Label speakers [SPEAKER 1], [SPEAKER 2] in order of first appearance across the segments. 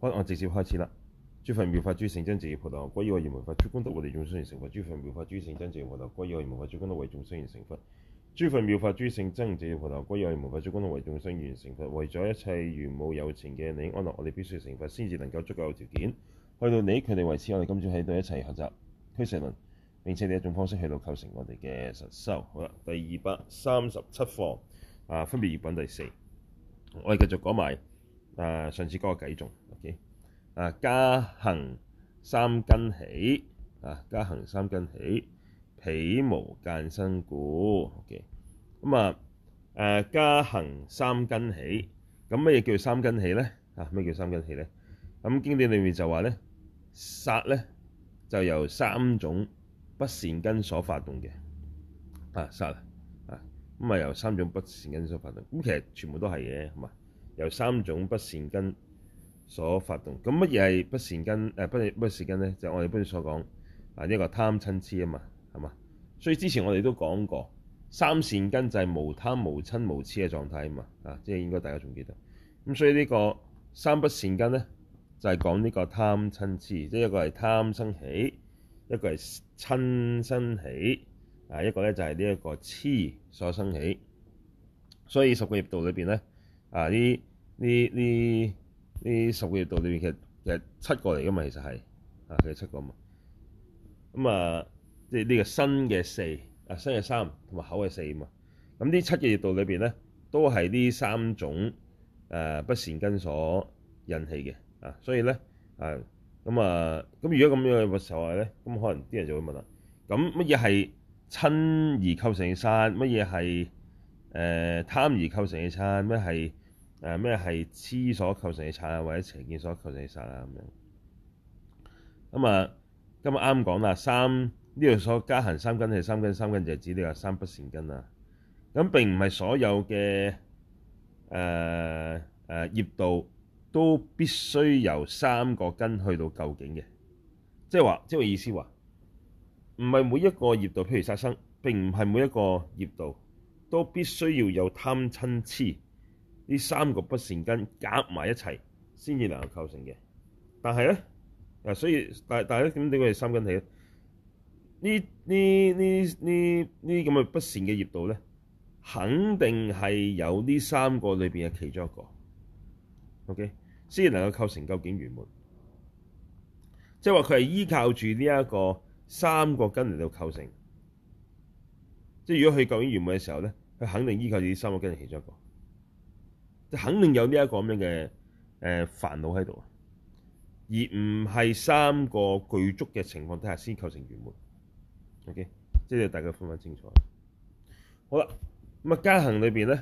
[SPEAKER 1] 好，我直接開始啦。諸佛妙法諸聖真子菩提果，以我而無法，諸功德為眾生而成佛。諸佛妙法諸聖真子菩提果，以我而無法，諸功德為眾生而成佛。諸佛妙法諸聖真子菩提果，以我而無法，諸功德為眾生而成佛。為咗一切如母有情嘅利益安樂，我哋必須成佛，先至能夠足夠條件去到你。佢哋為此，我哋今朝喺度一齊學習俱舍論，並且以一種方式去到構成我哋嘅實修。好啦，第二百三十七課啊，分別業品第四，我哋繼續講埋。啊！上次嗰個計中，OK？啊，加行三根起，啊，加行三根起，彼無間生故，OK？咁啊，誒、啊，加行三根起，咁、啊、乜嘢叫三根起咧？啊，咩叫三根起咧？咁、啊、經典裡面就話咧，殺咧就由三種不善根所發動嘅，啊殺啊，咁啊，啊由三種不善根所發動，咁、啊、其實全部都係嘅，係咪？有三種不善根所發動，咁乜嘢係不善根？誒、呃，不不善根咧，就係我哋一般所講啊，呢個貪瞋痴啊嘛，係嘛？所以之前我哋都講過，三善根就係無貪無瞋無痴嘅狀態啊嘛，啊，即係應該大家仲記得。咁所以呢個三不善根咧，就係講呢個貪瞋痴，即係一個係貪生起，一個係瞋生起，啊，一個咧就係呢一個痴所生起。所以十個業道裏邊咧，啊，呢～呢呢呢十個業道裏邊其實其實七個嚟噶嘛，其實係啊，其實七個嘛。咁啊，即係呢個身嘅四啊，身嘅三同埋口嘅四嘛。咁呢七個業道裏邊咧，都係呢三種誒不善根所引起嘅啊。所以咧啊，咁啊，咁如果咁樣嘅時候咧，咁可能啲人就會問啦：咁乜嘢係瞋而構成嘅殺？乜嘢係誒貪而構成嘅殺？乜係？誒咩係痴所構成嘅殺啊，或者邪見所構成嘅殺啊咁樣。咁啊，今日啱講啦，三呢度所加行三根係三根，三根就係指呢個三不善根啦。咁並唔係所有嘅誒誒業道都必須由三個根去到究竟嘅。即係話，即係我意思話，唔係每一個業道，譬如殺生，並唔係每一個業道都必須要有貪瞋痴。呢三個不善根夾埋一齊先至能夠構成嘅，但係咧嗱，所以但係但係咧點解係三根起咧？呢呢呢呢呢啲咁嘅不善嘅業道咧，肯定係有呢三個裏邊嘅其中一個，OK，先至能夠構成究竟圓滿。即係話佢係依靠住呢一個三個根嚟到構成。即係如果佢究竟圓滿嘅時候咧，佢肯定依靠住呢三個根嘅其中一個。肯定有呢一個咁樣嘅誒煩惱喺度，而唔係三個具足嘅情況底下先構成圓滿。OK，即係大家分分清楚。好啦，咁啊加行裏邊咧，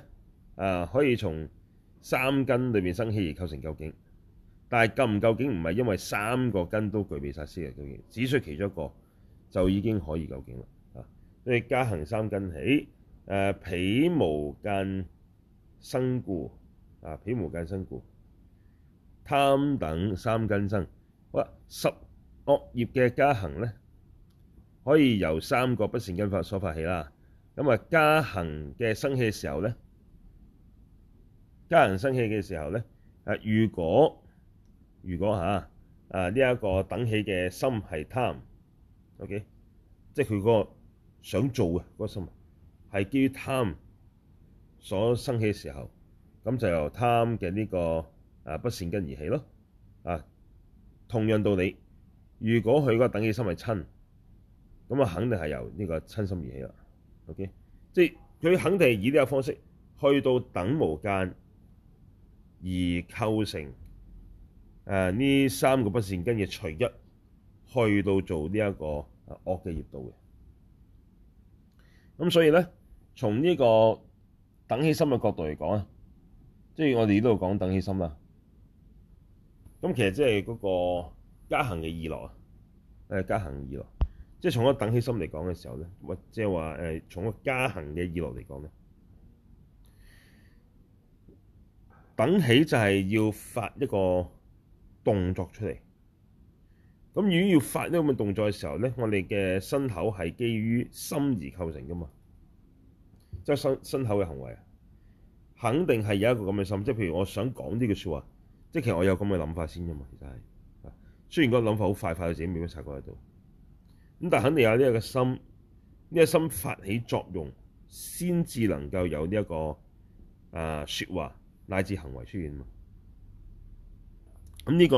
[SPEAKER 1] 啊、呃、可以從三根裏邊生起而構成究竟，但係究唔究竟唔係因為三個根都具備曬四樣究竟，只需其中一個就已經可以究竟啦。啊，所以加行三根起，誒、呃、彼無間生故。啊！彼無間生故，貪等三根生。好啦，十惡業嘅加行咧，可以由三個不善根法所發起啦。咁啊，加行嘅生起時候咧，加行生起嘅時候咧、啊，啊，如果如果嚇啊呢一個等起嘅心係貪，OK，即係佢個想做嘅嗰個心，係基於貪所生起嘅時候。咁就由貪嘅呢個啊不善根而起咯。啊，同樣道理，如果佢個等起心係瞋，咁啊，肯定係由呢個瞋心而起啦。OK，即係佢肯定係以呢個方式去到等無間而構成誒呢三個不善根嘅，隨一去到做呢一個啊惡嘅業道嘅。咁所以咧，從呢個等起心嘅角度嚟講啊。即係我哋呢度講等起心啊，咁其實即係嗰個加行嘅意樂啊，誒、呃、加行意樂，即係從一個等起心嚟講嘅時候咧，或即係話誒從一個加行嘅意樂嚟講咧，等起就係要發一個動作出嚟。咁如果要發呢咁嘅動作嘅時候咧，我哋嘅身口係基於心而構成噶嘛，即係身身口嘅行為啊。肯定係有一個咁嘅心，即係譬如我想講呢句說話，即係其實我有咁嘅諗法先嘅嘛，其實係，雖然個諗法好快快，自己未必察覺喺度，咁但係肯定有呢一個心，呢、這、一個心發起作用，先至能夠有呢、這、一個誒説、呃、話乃至行為出現嘛。咁、嗯、呢、這個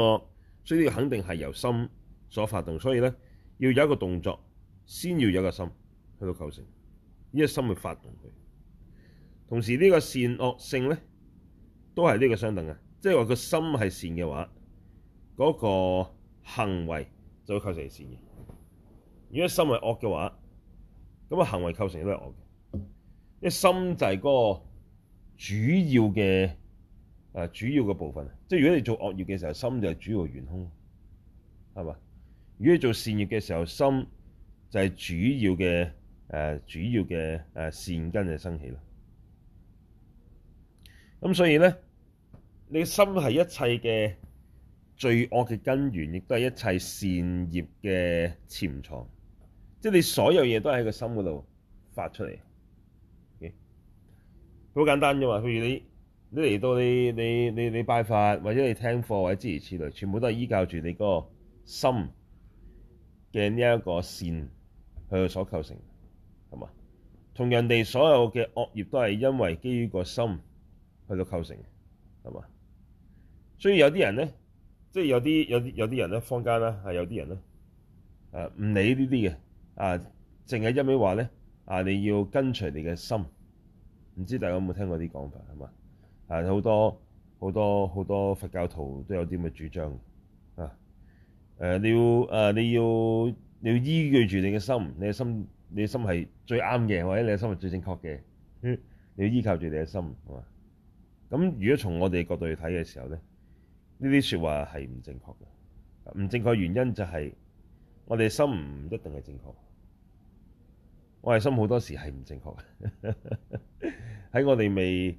[SPEAKER 1] 所以呢個肯定係由心所發動，所以咧要有一個動作，先要有一個心去到構成，呢、這、一個心去發動佢。同時呢個善惡性咧，都係呢個相等嘅，即係話個心係善嘅話，嗰、嗰個行為就會構成你善嘅；如果心係惡嘅話，咁、那、啊、個、行為構成都係惡嘅。因為心就係嗰個主要嘅、呃、主要嘅部分，即係如果你做惡業嘅時候，心就係主要元兇。係嘛？如果你做善業嘅時候，心就係主要嘅、呃、主要嘅、呃、善根就生起。咁所以咧，你心係一切嘅罪惡嘅根源，亦都係一切善業嘅潛藏。即、就、係、是、你所有嘢都係喺個心嗰度發出嚟嘅，okay? 好簡單啫嘛。譬如你你嚟到你你你你，你拜佛，或者你聽課，或者諸如此類，全部都係依靠住你嗰個心嘅呢一個善去所構成，係嘛？同人哋所有嘅惡業都係因為基於個心。去到構成係嘛？所以有啲人咧，即係有啲有啲有啲人咧，坊間啦係有啲人咧，誒唔理呢啲嘅啊，淨係一味話咧啊，你要跟隨你嘅心。唔知大家有冇聽過啲講法係嘛？誒好多好多好多佛教徒都有啲咁嘅主張啊，誒、啊，你要誒、啊、你要你要，你要依據住你嘅心，你嘅心你嘅心係最啱嘅，或者你嘅心係最正確嘅、嗯，你要依靠住你嘅心係嘛？是咁如果從我哋角度去睇嘅時候咧，呢啲說話係唔正確嘅。唔正確原因就係我哋心唔一定係正確。我哋心好多時係唔正確喺 我哋未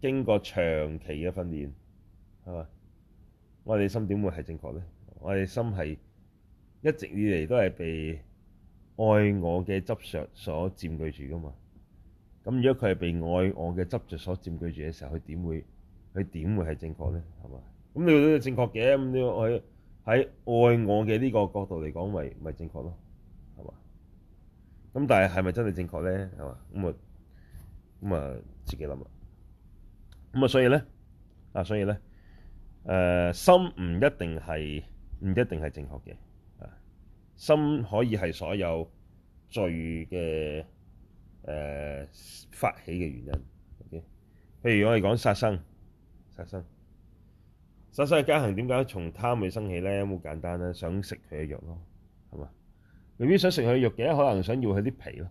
[SPEAKER 1] 經過長期嘅訓練，係嘛？我哋心點會係正確咧？我哋心係一直以嚟都係被愛我嘅執著所佔據住㗎嘛。咁如果佢係被愛我嘅執着所佔據住嘅時候，佢點會佢點會係正確咧？係嘛？咁你都正確嘅，咁你喺喺愛我嘅呢個角度嚟講，咪咪正確咯？係嘛？咁但係係咪真係正確咧？係嘛？咁啊咁啊，自己諗啦。咁啊，所以咧啊，所以咧，誒，心唔一定係唔一定係正確嘅。啊，心可以係所有罪嘅。誒發起嘅原因，OK？譬如我哋講殺生，殺生，殺生嘅加行點解從貪佢生起咧？好簡單啦，想食佢嘅肉咯，係嘛？未必想食佢嘅肉嘅，可能想要佢啲皮咯，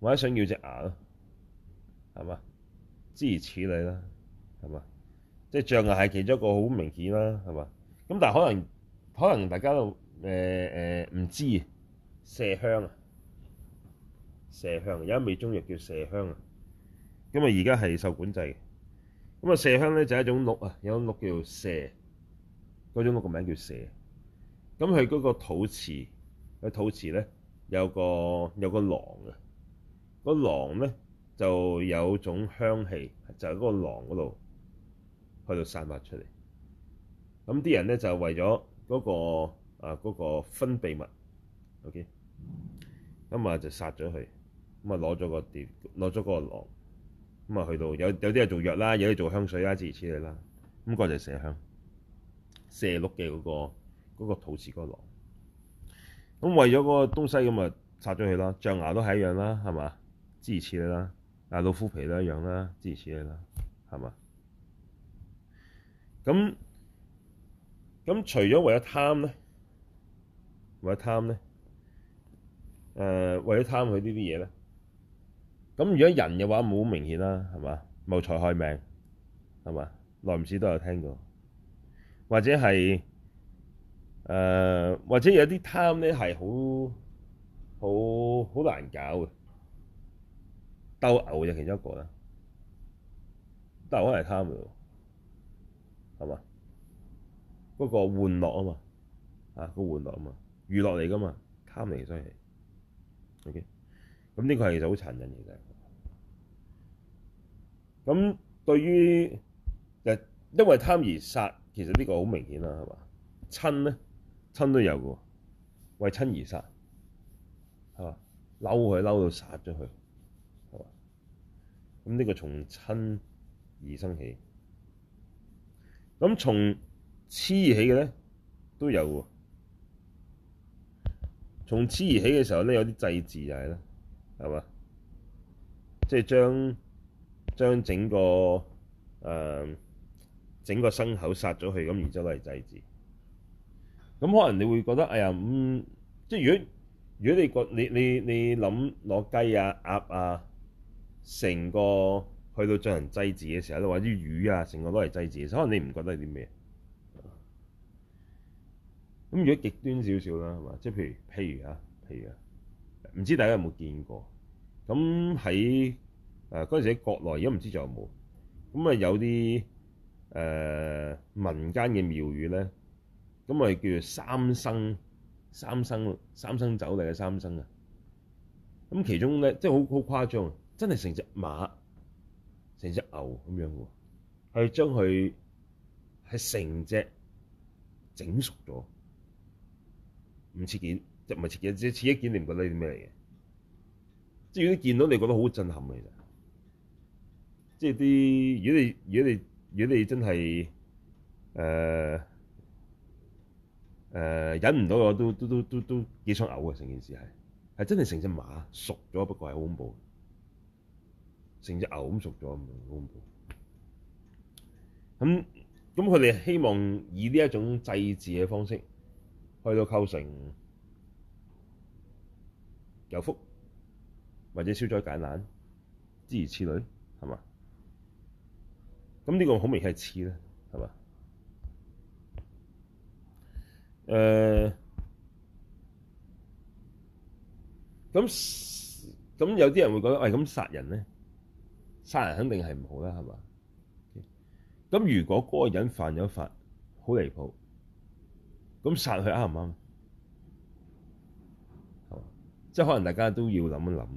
[SPEAKER 1] 或者想要隻牙咯，係嘛？諸如此類啦，係嘛？即係象牙係其中一個好明顯啦，係嘛？咁但係可能可能大家都誒誒唔知麝香啊。麝香，有一味中藥叫麝香啊，咁啊而家係受管制嘅。咁啊麝香咧就係一種鹿啊，有種鹿叫做麝，嗰種鹿個名叫麝。咁佢嗰個肚臍，佢肚臍咧有個有個囊啊，個囊咧就有種香氣，就喺嗰個囊嗰度，喺度散發出嚟。咁啲人咧就為咗嗰個啊嗰個分泌物，OK，咁啊就殺咗佢。咁啊，攞咗個碟，攞咗個鑊，咁啊去到有有啲啊做藥啦，有啲做香水啦，諸如此類啦。咁、那、嗰、個、就係麝香、麝鹿嘅嗰個嗰、那個肚臍嗰個鑊。咁、那個、為咗嗰個東西，咁啊殺咗佢啦。象牙都係一樣啦，係嘛？諸如此類啦。啊，老虎皮都一樣啦，諸如此類啦，係嘛？咁咁除咗為咗貪咧，為咗貪咧，誒、呃、為咗貪佢呢啲嘢咧。咁如果人嘅話冇明顯啦，係嘛？謀財害命係嘛？耐唔時都有聽過或者係誒、呃，或者有啲貪咧係好好好難搞嘅，鬥牛就其中一個啦。鬥牛可能貪嘅喎，係嘛？嗰、嗰個玩樂啊嘛，啊、嗰個玩樂啊嘛，娛樂嚟噶嘛，貪嚟所以，OK。咁呢個係其實好殘忍嘅，其實。咁對於日，因為貪而殺，其實呢個好明顯啦，係嘛？瞋咧，瞋都有嘅，為瞋而殺，係嘛？嬲佢嬲到殺咗佢，係嘛？咁呢個從瞋而生起，咁從痴而起嘅咧都有嘅，從痴而起嘅時候咧有啲祭祀就係啦，係嘛？即係將。將整個誒、呃、整個牲口殺咗佢，咁然之後攞嚟祭祀。咁可能你會覺得，哎呀，咁、嗯、即係如果如果你覺你你你諗攞雞啊、鴨啊，成個去到進行祭祀嘅時候，或者啲魚啊，成個都係祭祀嘅時候，可能你唔覺得係啲咩？咁如果極端少少啦，係嘛？即係譬如譬如啊，譬如啊，唔知大家有冇見過？咁喺誒嗰陣時喺國內，而家唔知仲有冇咁啊？有啲誒、呃、民間嘅廟宇咧，咁啊叫做三生三生三生酒定係三生啊。咁其中咧、就是，即係好好誇張啊！真係成隻馬、成隻牛咁樣嘅，係將佢係成隻整熟咗唔切件，即唔係切件？即係切一件，你唔覺得啲咩嚟嘅？即係如果見到，你覺得好震撼嘅，其實～即係啲，如果你，如果你，如果你真係，誒、呃、誒、呃，忍唔到我都都都都都幾想嘔嘅，成件事係係真係成隻馬熟咗，不過係好恐怖，成隻牛咁熟咗，唔係好恐怖。咁咁佢哋希望以呢一種祭祀嘅方式，去到構成有福，或者消災解難，諸如此類，係嘛？咁呢個好明顯係痴咧，係嘛？誒、呃，咁咁有啲人會覺得，喂，咁殺人咧，殺人肯定係唔好啦，係嘛？咁如果嗰個人犯咗法，好離譜，咁殺佢啱唔啱？即係可能大家都要諗一諗，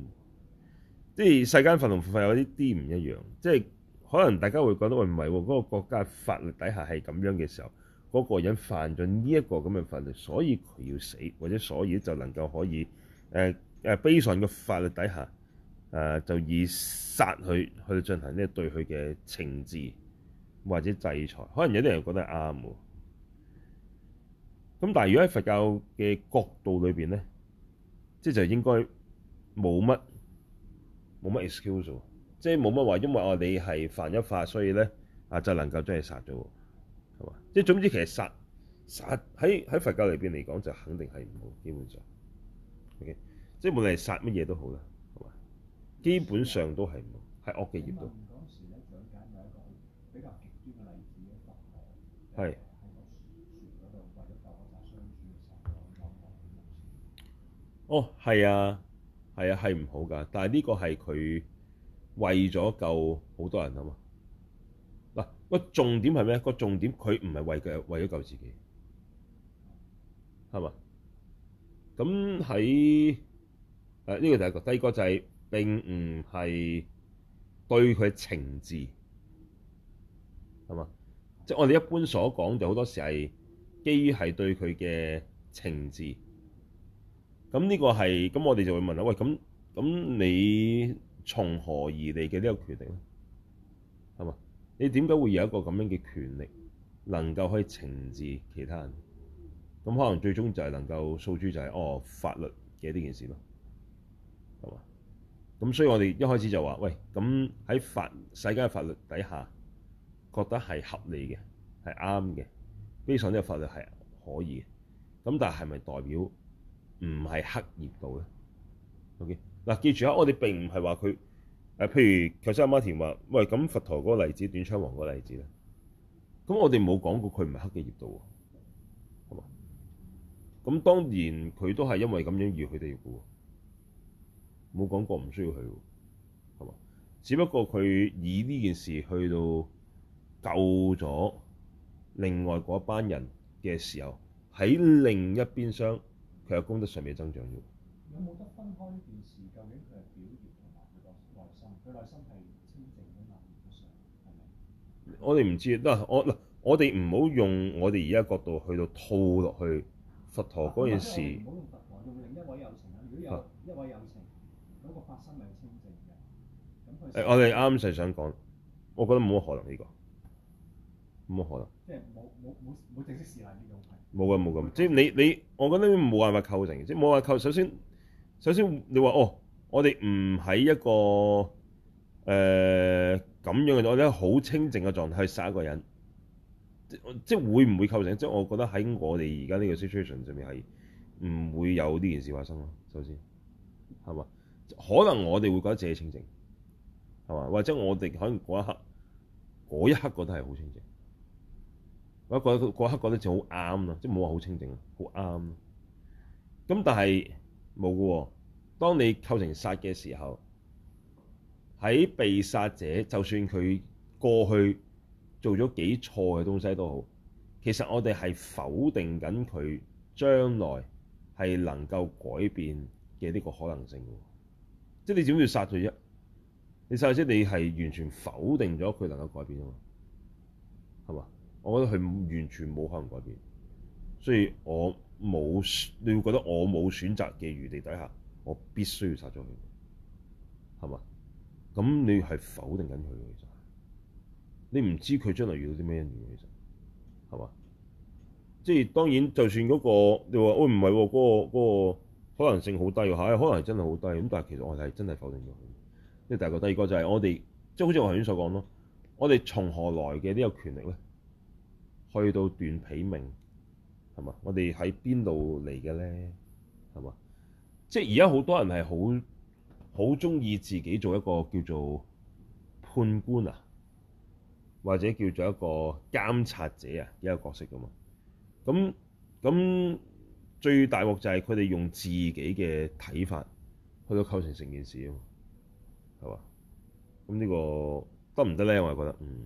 [SPEAKER 1] 即係世間法同佛法有啲啲唔一樣，即係。可能大家會覺得，喂，唔係喎，嗰個國家法律底下係咁樣嘅時候，嗰、嗰個人犯咗呢一個咁嘅法律，所以佢要死，或者所以就能夠可以誒誒悲慘嘅法律底下誒、呃、就以殺佢去進行呢對佢嘅懲治或者制裁。可能有啲人覺得係啱喎，咁但係如果喺佛教嘅角度裏邊咧，即係就應該冇乜冇乜 excuse 即係冇乜話，因為我哋係犯咗法，所以咧啊，就能夠將佢殺咗，係嘛？即係總之，其實殺殺喺喺佛教裏邊嚟講，就肯定係唔好，基本上 OK，即係無論係殺乜嘢都好啦，係嘛？是基本上都係唔好，係惡嘅業道。係。哦，係啊，係啊，係唔好㗎！好，但係呢個係佢。為咗救好多人啊嘛嗱個重點係咩咧？個重點佢唔係為嘅，為咗救自己係嘛？咁喺誒呢個第一個，第二個就係並唔係對佢情字係嘛？即係我哋一般所講就好多時係基於係對佢嘅情字咁呢個係咁，我哋就會問啦喂咁咁你？從何而嚟嘅呢個決定咧，係嘛？你點解會有一個咁樣嘅權力，能夠去懲治其他人？咁可能最終就係能夠訴諸就係、是、哦法律嘅呢件事咯，係嘛？咁所以我哋一開始就話，喂，咁喺法世界嘅法律底下，覺得係合理嘅，係啱嘅，非常呢個法律係可以嘅。咁但係咪代表唔係黑業道咧？OK。嗱，記住啊！我哋並唔係話佢，譬如喬斯阿媽田話：喂，咁佛陀嗰個例子，短槍王嗰個例子咧，咁我哋冇講過佢唔係黑嘅業道喎，係嘛？咁當然佢都係因為咁樣而去哋嘅喎，冇講過唔需要去喎，係嘛？只不過佢以呢件事去到救咗另外嗰班人嘅時候，喺另一邊廂佢嘅功德上面增長咗。
[SPEAKER 2] 有冇得
[SPEAKER 1] 分開呢件事？究竟佢係表現同埋佢個內心？佢內心係清淨嘅嘛？我想係咪？我哋唔知嗱，我嗱，我哋唔好用我哋而家角度去到套落去佛陀嗰件事。
[SPEAKER 2] 唔好用佛陀，用另一位有情，
[SPEAKER 1] 如果有一位有情，嗰、啊、個法身係清淨嘅。咁佢誒，我哋啱就係想講，我覺得冇乜可能
[SPEAKER 2] 呢個，冇乜可
[SPEAKER 1] 能。即係冇冇冇冇正式示例呢種。冇噶冇噶，即係你你，我覺得冇辦法構成，即係冇話構成。首先。首先你說，你話哦，我哋唔喺一個誒咁、呃、樣嘅我咧好清淨嘅狀態去殺一個人，即即會唔會構成？即我覺得喺我哋而家呢個 situation 上面係唔會有呢件事發生咯。首先，係嘛？可能我哋會覺得自己清靜，係嘛？或者我哋可能嗰一刻嗰一刻覺得係好清靜，或者嗰一刻，嗰一刻覺得就好啱啊！即冇話好清靜，好啱。咁但係。冇噶，當你構成殺嘅時候，喺被殺者就算佢過去做咗幾錯嘅東西都好，其實我哋係否定緊佢將來係能夠改變嘅呢個可能性嘅。即係你點要殺佢啫，你殺咗之後，你係完全否定咗佢能夠改變啊嘛，係嘛？我覺得佢完全冇可能改變，所以我。冇，你會覺得我冇選擇嘅餘地底下，我必須要殺咗佢，係嘛？咁你係否定緊佢，其實你唔知佢將來遇到啲咩嘢其實係嘛？即係當然，就算嗰、嗰個你話，哦唔係喎，嗰、啊嗰個嗰個可能性好低喎，係、哎，可能真係好低，咁但係其實我係真係否定咗佢。即係第二個，第二個就係、是、我哋，即係好似我頭先所講咯，我哋從何來嘅呢個權力咧，去到斷彼命。係嘛？我哋喺邊度嚟嘅咧？係嘛？即係而家好多人係好好中意自己做一個叫做判官啊，或者叫做一個監察者啊，一個角色噶、啊、嘛。咁咁最大鑊就係佢哋用自己嘅睇法去到構成成件事啊嘛。係嘛？咁呢個得唔得咧？我係覺得嗯。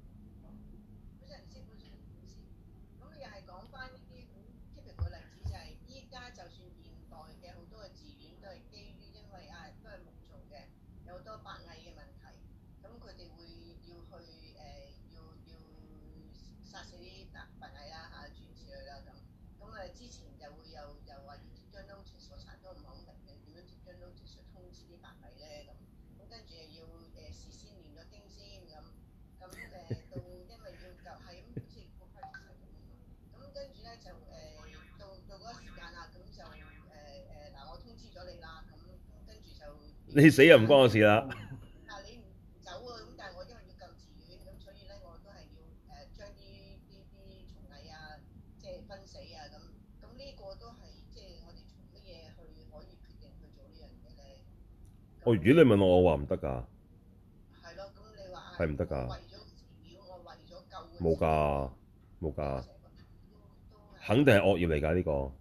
[SPEAKER 1] 你死又唔關我事啦。但你唔走啊！咁但係我因為要救寺院，咁所以咧
[SPEAKER 2] 我都係要誒、呃、將啲啲蟲蟻啊，即係分死啊咁，咁呢個都係即係我哋從乜嘢去可以決定去做呢
[SPEAKER 1] 樣嘢咧？我如果你問我，我話唔得㗎。係咯，咁你話係唔得㗎？為咗寺廟，我為咗救冇㗎，冇㗎，肯定係惡業嚟㗎呢個。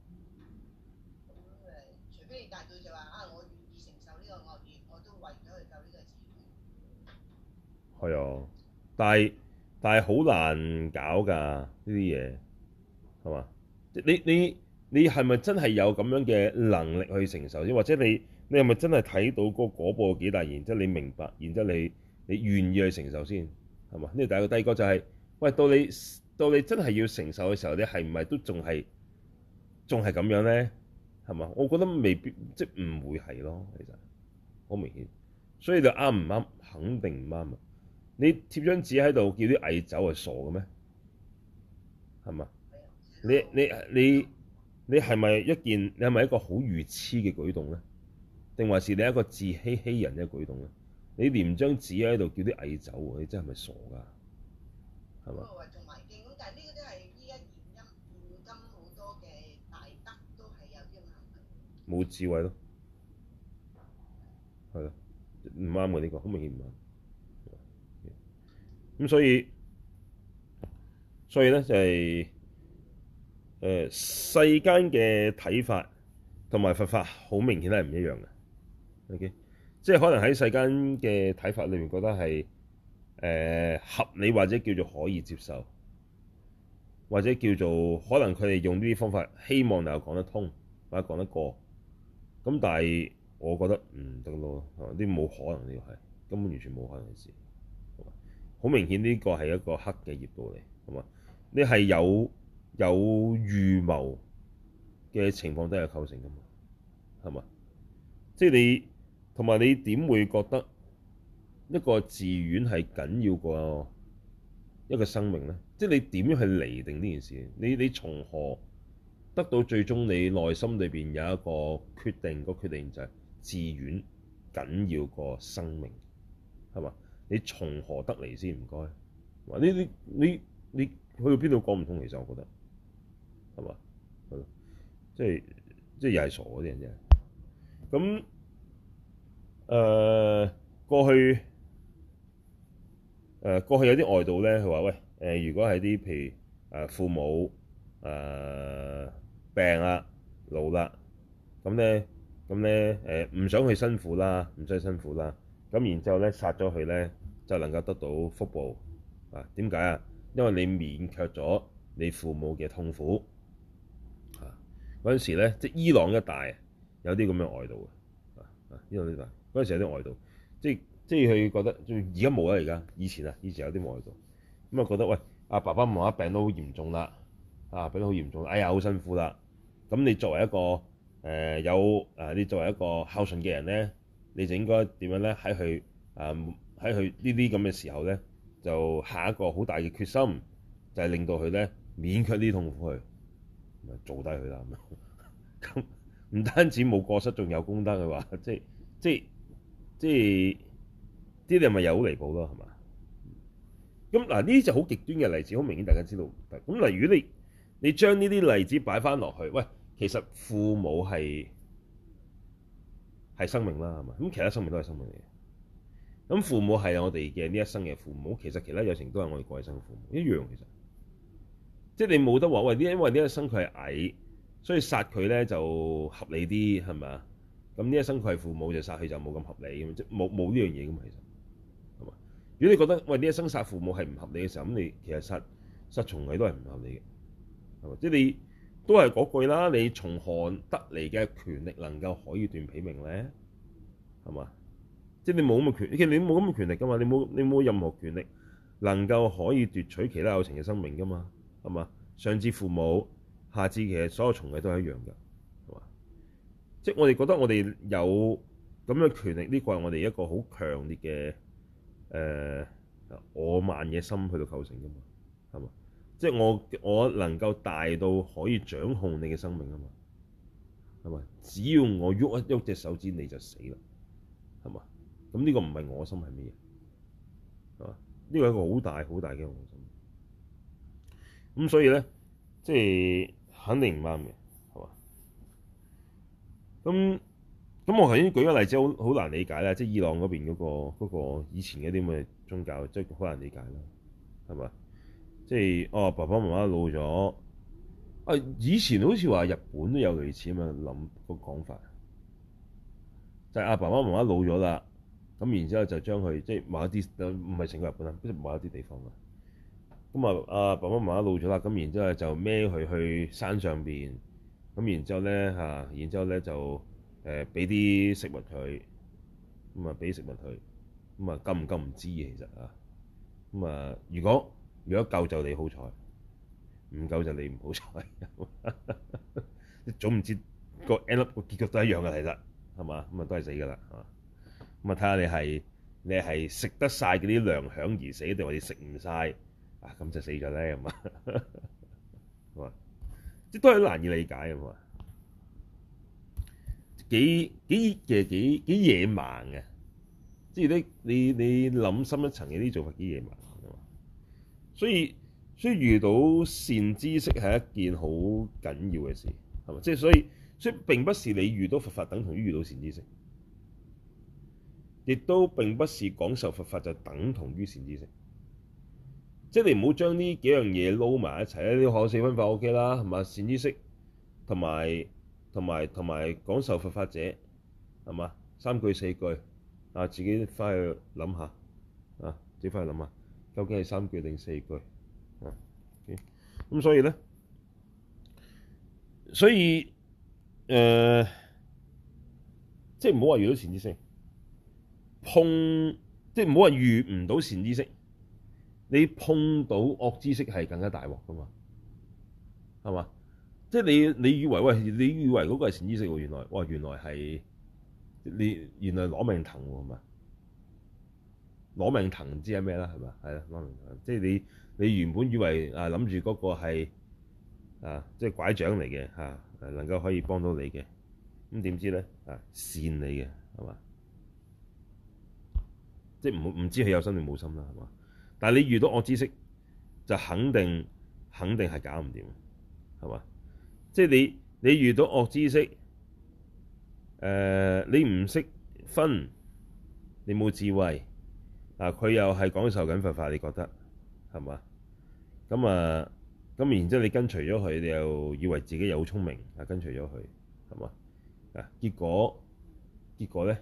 [SPEAKER 1] 係啊、哎，但係但係好難搞㗎呢啲嘢係嘛？即你你你係咪真係有咁樣嘅能力去承受先？或者你你係咪真係睇到嗰嗰步幾大？然之後你明白，然之後你你願意去承受先係嘛？呢個第一個，第二個就係、是、喂，到你到你真係要承受嘅時候，你係唔係都仲係仲係咁樣咧？係嘛？我覺得未必即係唔會係咯。其實好明顯，所以就啱唔啱肯定唔啱啊！你貼一張紙喺度叫啲蟻走係傻嘅咩？係嘛？ 你你你你係咪一件你係咪一個好愚痴嘅舉動咧？定還是你是一個自欺欺人嘅舉動咧？你黏張紙喺度叫啲蟻走，你真係咪傻㗎？係嘛？冇 智慧咯，係啊，唔啱喎呢
[SPEAKER 2] 個，好
[SPEAKER 1] 明顯唔啱。咁、嗯、所以，所以咧就係、是、誒、呃、世間嘅睇法同埋佛法好明顯都係唔一樣嘅。O.K.，即係可能喺世間嘅睇法裏面覺得係、誒、呃、合理或者叫做可以接受，或者叫做可能佢哋用呢啲方法希望能夠講得通或者講得過，咁、嗯、但係我覺得唔、嗯、得咯，啲冇可能呢個係根本完全冇可能嘅事。好明顯呢個係一個黑嘅業道嚟，係嘛？你係有有預謀嘅情況都有構成噶嘛？係嘛？即係你同埋你點會覺得一個自願係緊要過一個生命咧？即係你點樣去釐定呢件事？你你從何得到最終你內心裏面有一個決定？個決定就係自願緊要過生命，係嘛？你從何得嚟先？唔該，哇！呢啲你你，你去到邊度講唔通？其實我覺得係嘛係咯，即係即係又係傻嗰啲人啫。咁誒、呃、過去誒、呃、過去有啲外道咧，佢話喂、呃、如果係啲譬如誒、呃、父母誒、呃、病啦老啦咁咧，咁咧唔想去辛苦啦，唔使辛苦啦，咁然之後咧殺咗佢咧。就能夠得到福報啊？點解啊？因為你免卻咗你父母嘅痛苦啊！嗰陣時咧，即係伊朗一帶有啲咁嘅外道啊啊！伊朗一帶嗰陣時有啲外道，即係即係佢覺得，而家冇啦。而家以前啊，以前有啲外道咁啊，覺得喂阿、啊、爸爸媽媽病到好嚴重啦啊，病得好嚴重，哎呀，好辛苦啦。咁你作為一個誒、呃、有啊，你作為一個孝順嘅人咧，你就應該點樣咧？喺佢啊～喺佢呢啲咁嘅時候咧，就下一個好大嘅決心，就係令到佢咧勉強啲痛苦，佢咪做低佢啦。咁唔單止冇過失，仲有功德嘅話，即係即係即係啲人咪又好離譜咯，係嘛？咁嗱，呢啲就好極端嘅例子，好明顯大家知道。咁例如你你將呢啲例子擺翻落去，喂，其實父母係係生命啦，係嘛？咁其他生命都係生命嚟嘅。咁父母係我哋嘅呢一生嘅父母，其實其他有情都係我哋嘅生父母，一樣其實，即係你冇得話喂，因為呢一生佢係矮，所以殺佢咧就合理啲係咪啊？咁呢一生佢係父母就殺佢就冇咁合理咁，即冇冇呢樣嘢咁其實，係嘛？如果你覺得喂呢一生殺父母係唔合理嘅時候，咁你其實殺殺蟲蟻都係唔合理嘅，係嘛？即係你都係嗰句啦，你從何得嚟嘅權力能夠可以斷彼命咧，係嘛？即係你冇咁嘅權，其實你冇咁嘅權力㗎嘛，你冇你冇任何權力能夠可以奪取其他有情嘅生命㗎嘛，係嘛？上至父母，下至其實所有蟲蟻都係一樣㗎，係嘛？即係我哋覺得我哋有咁嘅權力，呢、這個係我哋一個好強烈嘅誒我慢嘅心去到構成㗎嘛，係嘛？即係我我能夠大到可以掌控你嘅生命啊嘛，係嘛？只要我喐一喐隻手指你就死啦，係嘛？咁呢個唔係我心係咩嘢？係嘛？呢個係一個好大好大嘅我心。咁所以咧，即係肯定唔啱嘅，係嘛？咁咁我頭先舉個例子，好好難理解啦。即係伊朗嗰邊嗰個嗰個以前嗰啲咁嘅宗教，即係好難理解啦，係咪？即係哦，爸爸媽媽老咗。啊，以前好似話日本都有類似咁嘅諗個講法，就係阿爸爸媽媽老咗啦。咁然之後就將佢即係買一啲，唔係成個日本啊，即係買一啲地方啊。咁啊，阿爸爸媽媽老咗啦，咁然之後就孭佢去山上邊。咁然之後咧、啊、然之後咧就誒俾啲食物佢，咁啊俾食物佢，咁啊夠唔夠唔知其實啊，咁啊如果如果夠就你好彩，唔夠就你唔好彩。 總唔知個 end up 個結局都一樣嘅其實係嘛？咁啊都係死㗎啦。咁啊，睇下你係你係食得晒嗰啲糧餉而死，定還是食唔晒啊？咁就死咗咧，係嘛？即都係難以理解，幾幾嘅幾幾野蠻嘅，即係你你諗深一層嘅啲做法幾野蠻，所以所以遇到善知識係一件好緊要嘅事，係嘛？即係所以所以，所以並不是你遇到佛法等同於遇到善知識。亦都並不是講受佛法就等同於善知識，即係你唔好將呢幾樣嘢撈埋一齊咧。你可四分法 OK 啦，係嘛？善知識，同埋同埋同埋講受佛法者，係嘛？三句四句想想啊，自己翻去諗下啊，自己翻去諗下，究竟係三句定四句啊？咁、okay? 所以咧，所以誒、呃，即係唔好話遇到善知識。碰即係唔好話遇唔到善知識，你碰到惡知識係更加大鑊㗎嘛？係嘛？即係你你以為喂，你以為嗰個係善知識喎，原來哇原來係你原來攞命騰喎係嘛？攞命騰知係咩啦？係嘛？係啦，攞命騰即係你你原本以為啊諗住嗰個係啊即係、就是、拐杖嚟嘅嚇，能夠可以幫到你嘅，咁點知咧啊善你嘅係嘛？是吧即係唔唔知佢有心定冇心啦，係嘛？但係你遇到惡知識，就肯定肯定係搞唔掂，係嘛？即係你你遇到惡知識，呃、你唔識分，你冇智慧，佢、啊、又係講受緊佛法，你覺得係嘛？咁啊咁然之後你跟隨咗佢，你又以為自己又好聰明，啊跟隨咗佢，係嘛？啊結果結果咧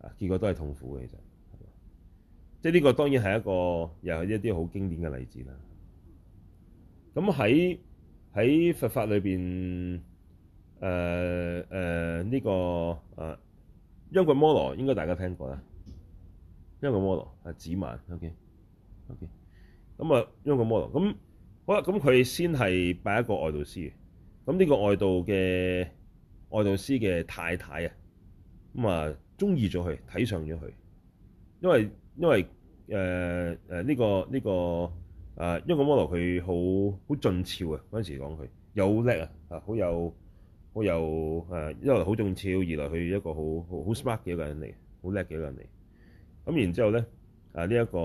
[SPEAKER 1] 啊結果都係痛苦嘅，其實即係呢個當然係一個又係一啲好經典嘅例子啦。咁喺喺佛法裏邊，誒誒呢個誒鴦、呃、掘摩羅應該大家聽過啦。鴦掘摩羅阿子曼，OK OK。咁啊，鴦掘摩羅咁好啦。咁佢先係拜一個外道師嘅。咁呢個外道嘅外道師嘅太太啊，咁啊中意咗佢，睇上咗佢，因為。因為誒誒呢個呢、呃、個啊，鴦掘摩羅佢好好俊俏啊！嗰陣時講佢又好叻啊，啊好有好有誒，一來好俊俏，二來佢一個好好 smart 嘅一個人嚟，好叻嘅一個人嚟。咁、嗯、然之後咧啊，呢、這、一個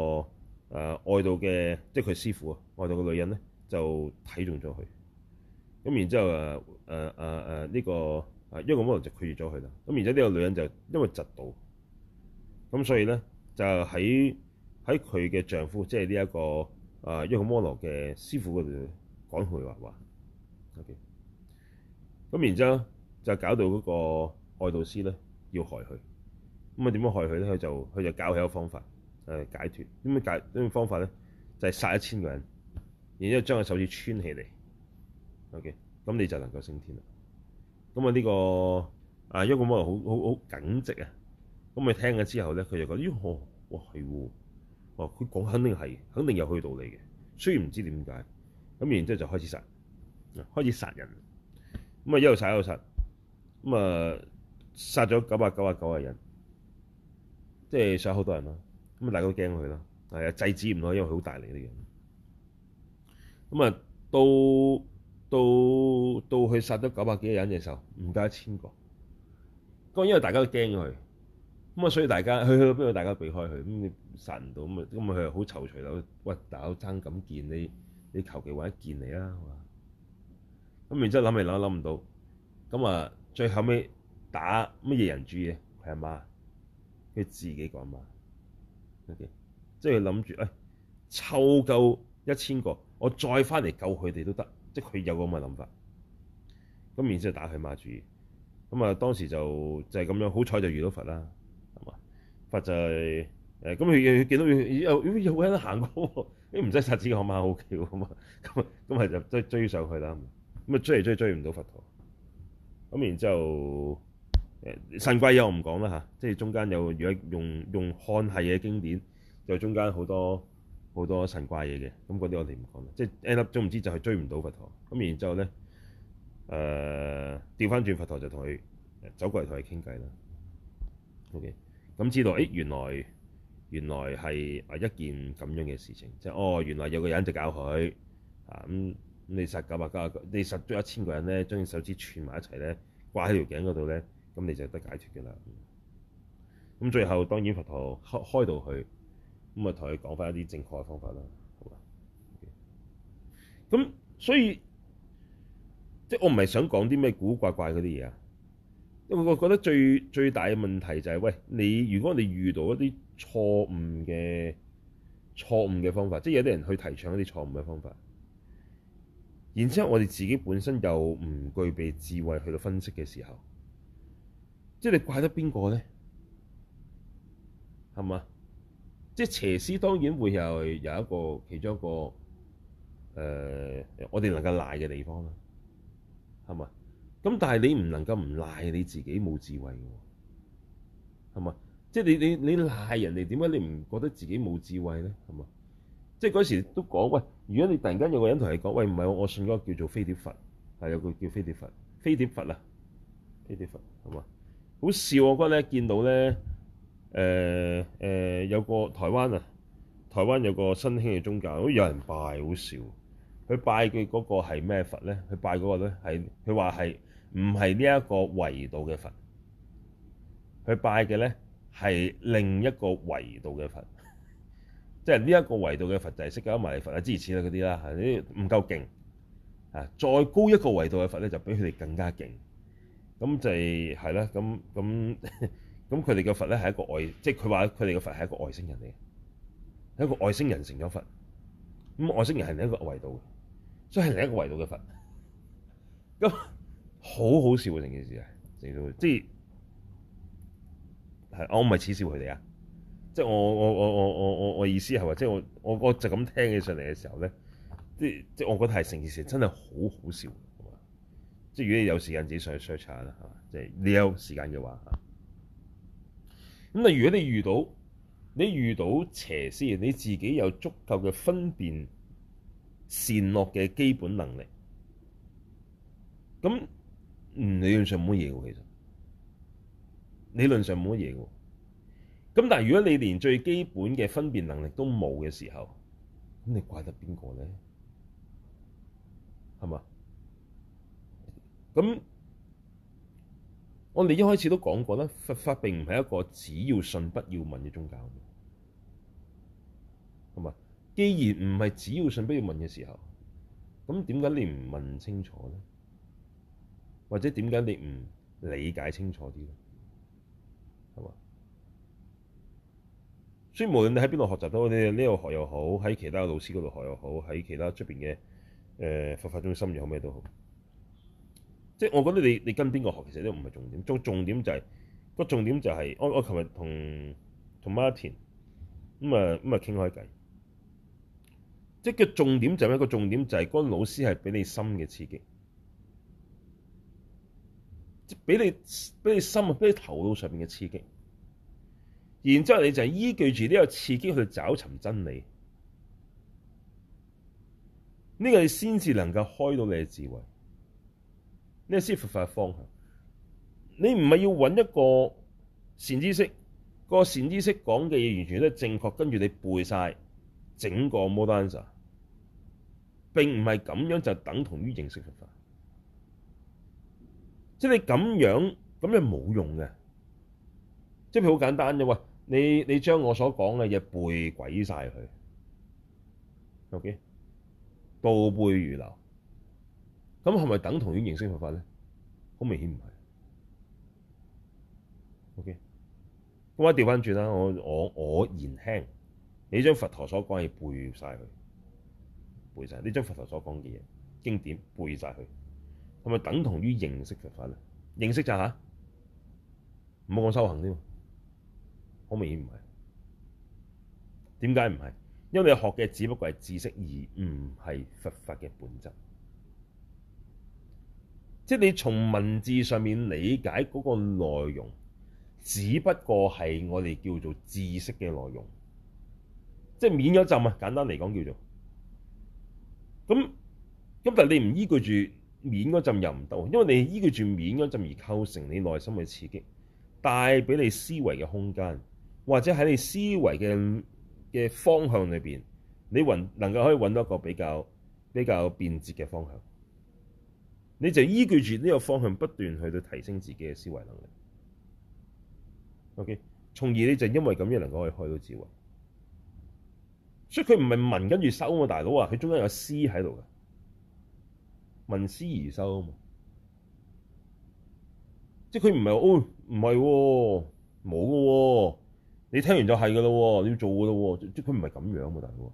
[SPEAKER 1] 啊外道嘅即係佢師傅啊，外道嘅女人咧就睇中咗佢。咁、嗯、然之後啊啊啊啊呢、呃呃呃這個啊鴦掘摩羅就拒絕咗佢啦。咁然之後呢個女人就因為嫉妒。咁、嗯、所以咧。就喺喺佢嘅丈夫，即係呢一個啊，鴦掘摩羅嘅師傅嗰度講佢話話，OK，咁然之後就搞到嗰個外道師咧要害佢，咁啊點樣害佢咧？佢就佢就教佢一個方法，誒解決點樣解點樣方法咧？就係殺一千個人，然之後將個手指穿起嚟，OK，咁你就能夠升天啦。咁啊呢個啊鴦掘摩羅好好好緊直啊！咁佢聽咗之後咧，佢就覺得：咦！我哇係喎，佢講肯定係，肯定有佢道理嘅。雖然唔知點解，咁然之後就開始殺，開始殺人。咁啊一路殺一路殺，咁啊殺咗九百九百九個人，即係殺好多人啦。咁啊大家都驚佢啦，係啊，制止唔到，因為佢好大力啲嘅。咁啊，到到到去殺咗九百幾個人嘅時候，唔夠一千個。咁因為大家都驚佢。咁啊，所以大家去去到邊度，大家避開佢咁，你殺唔到咁啊。咁佢又好躊躇啦。喂，大佬爭咁件，你見你求其揾一件你啦好嘛？咁然之後諗嚟諗去諗唔到，咁啊，最後尾打乜嘢人主意？佢阿媽，佢自己講嘛，OK。即係諗住誒，湊夠一千個，我再翻嚟救佢哋都得，即係佢有咁嘅諗法。咁然之後打佢媽主意，咁啊，當時就就係咁樣，好彩就遇到佛啦。佛就係誒，咁佢見到佢有有個人行過喎，誒唔使殺子嘅，我問下 O K 喎。咁啊，咁啊咁啊就即追上去啦。咁啊追嚟追追唔到佛陀，咁然之後誒神怪嘢我唔講啦嚇，即係中間有如果用用漢系嘅經典，就中間好多好多神怪嘢嘅，咁嗰啲我哋唔講，即係 end up 都唔知就係追唔到佛陀。咁然之後咧誒調翻轉佛陀就同佢走過嚟同佢傾偈啦。O K。咁知道，誒原來原來係啊一件咁樣嘅事情，即係哦原來有個人就搞佢啊，咁你殺九百九，你殺足一千個人咧，將手指串埋一齊咧，掛喺條頸嗰度咧，咁你就得解脫嘅啦。咁、嗯、最後當然佛陀開開導佢，咁啊同佢講翻一啲正確嘅方法啦。好啊。咁、okay. 所以即係我唔係想講啲咩古怪怪嗰啲嘢啊。因為我覺得最最大嘅問題就係、是，喂，你如果我哋遇到一啲錯誤嘅錯誤嘅方法，即係有啲人去提倡一啲錯誤嘅方法，然之後我哋自己本身又唔具備智慧去到分析嘅時候，即係你怪得邊個咧？係嘛？即係邪師當然會有有一個其中一個誒、呃，我哋能夠賴嘅地方啊，係咪？咁但係你唔能夠唔賴你自己冇智慧嘅喎，係嘛？即係你你你賴人哋，點解你唔覺得自己冇智慧咧？係嘛？即係嗰時都講喂，如果你突然間有個人同你講喂，唔係我信嗰個叫做飛碟佛，係有個叫飛碟佛，飛碟佛啊，飛碟佛，係嘛？好笑，我覺得呢見到咧，誒誒有個台灣啊，台灣有個新興嘅宗教，都有人拜，好笑。佢拜佢嗰個係咩佛咧？佢拜嗰個咧係，佢話係。唔係呢一個維度嘅佛，佢拜嘅咧係另一個維度嘅佛，即係呢一個維度嘅佛就係釋迦牟尼佛啦、諸如此類嗰啲啦，啲唔夠勁啊！再高一個維度嘅佛咧，就比佢哋更加勁。咁就係係啦，咁咁咁佢哋嘅佛咧係一個外，即係佢話佢哋嘅佛係一個外星人嚟嘅，係一個外星人成咗佛。咁外星人係另一個維度嘅，所以係另一個維度嘅佛。咁好好笑啊！成件事啊，即係，係我唔係恥笑佢哋啊，即係我我我我我我我意思係話，即係我我我就咁聽起上嚟嘅時候咧，啲即係我覺得係成件事真係好好笑，係即係如果你有時間自己上去 search 下啦，係即係你有時間嘅話啊，咁你如果你遇到你遇到邪師，你自己有足夠嘅分辨善惡嘅基本能力，咁。嗯，理論上冇乜嘢喎，其實理論上冇乜嘢喎。咁但係如果你連最基本嘅分辨能力都冇嘅時候，咁你怪得邊個咧？係嘛？咁我哋一開始都講過啦，佛法並唔係一個只要信不要問嘅宗教。係嘛？既然唔係只要信不要問嘅時候，咁點解你唔問清楚咧？或者點解你唔理解清楚啲咧？係嘛？所以無論你喺邊度學習都好，你呢度學又好，喺其他老師嗰度學又好，喺其他出邊嘅誒佛法中心又好咩都好，即係我覺得你你跟邊個學其實都唔係重點，重點就係、係嗰個重點就係、係、我我琴日同同 Martin 咁啊咁啊傾開偈。即係重點就係一個重點就係、嗰個重點、就係嗰個老師係俾你深嘅刺激。俾你俾你心啊，俾你頭腦上面嘅刺激，然之後你就係依據住呢個刺激去找尋真理，呢個你先至能夠開到你嘅智慧，呢個先佛法嘅方向。你唔係要揾一個善知識，個善知識講嘅嘢完全都係正確，跟住你背晒整個 model answer，並唔係咁樣就等同於認識佛法。即係你咁樣，咁樣冇用嘅。即係好簡單啫喎，你你將我所講嘅嘢背鬼晒佢，OK？倒背如流。咁係咪等同於認識佛法咧？好明顯唔係。OK？咁我調翻轉啦，我我我言輕，你將佛陀所講嘢背晒佢，背晒你將佛陀所講嘅嘢經典背晒佢。係咪等同於認識佛法咧？認識就吓，唔好講修行添，好明顯唔係。點解唔係？因為你學嘅只不過係知識，而唔係佛法嘅本質。即係你從文字上面理解嗰個內容，只不過係我哋叫做知識嘅內容，即係免咗浸啊！簡單嚟講叫做咁咁，但係你唔依據住面嗰陣入唔到，因為你依據住面嗰陣而構成你內心嘅刺激，帶俾你思維嘅空間，或者喺你思維嘅嘅方向裏邊，你揾能夠可以揾到一個比較比較便捷嘅方向，你就依據住呢個方向不斷去到提升自己嘅思維能力。OK，從而你就因為咁樣能夠可以開到智慧。所以佢唔係聞跟住收啊，大佬啊，佢中間有思喺度嘅。聞思而修啊嘛，即係佢唔係哦，唔係喎，冇嘅喎，你聽完就係噶咯，你要做噶咯，即佢唔係咁樣喎，嘛，大佬。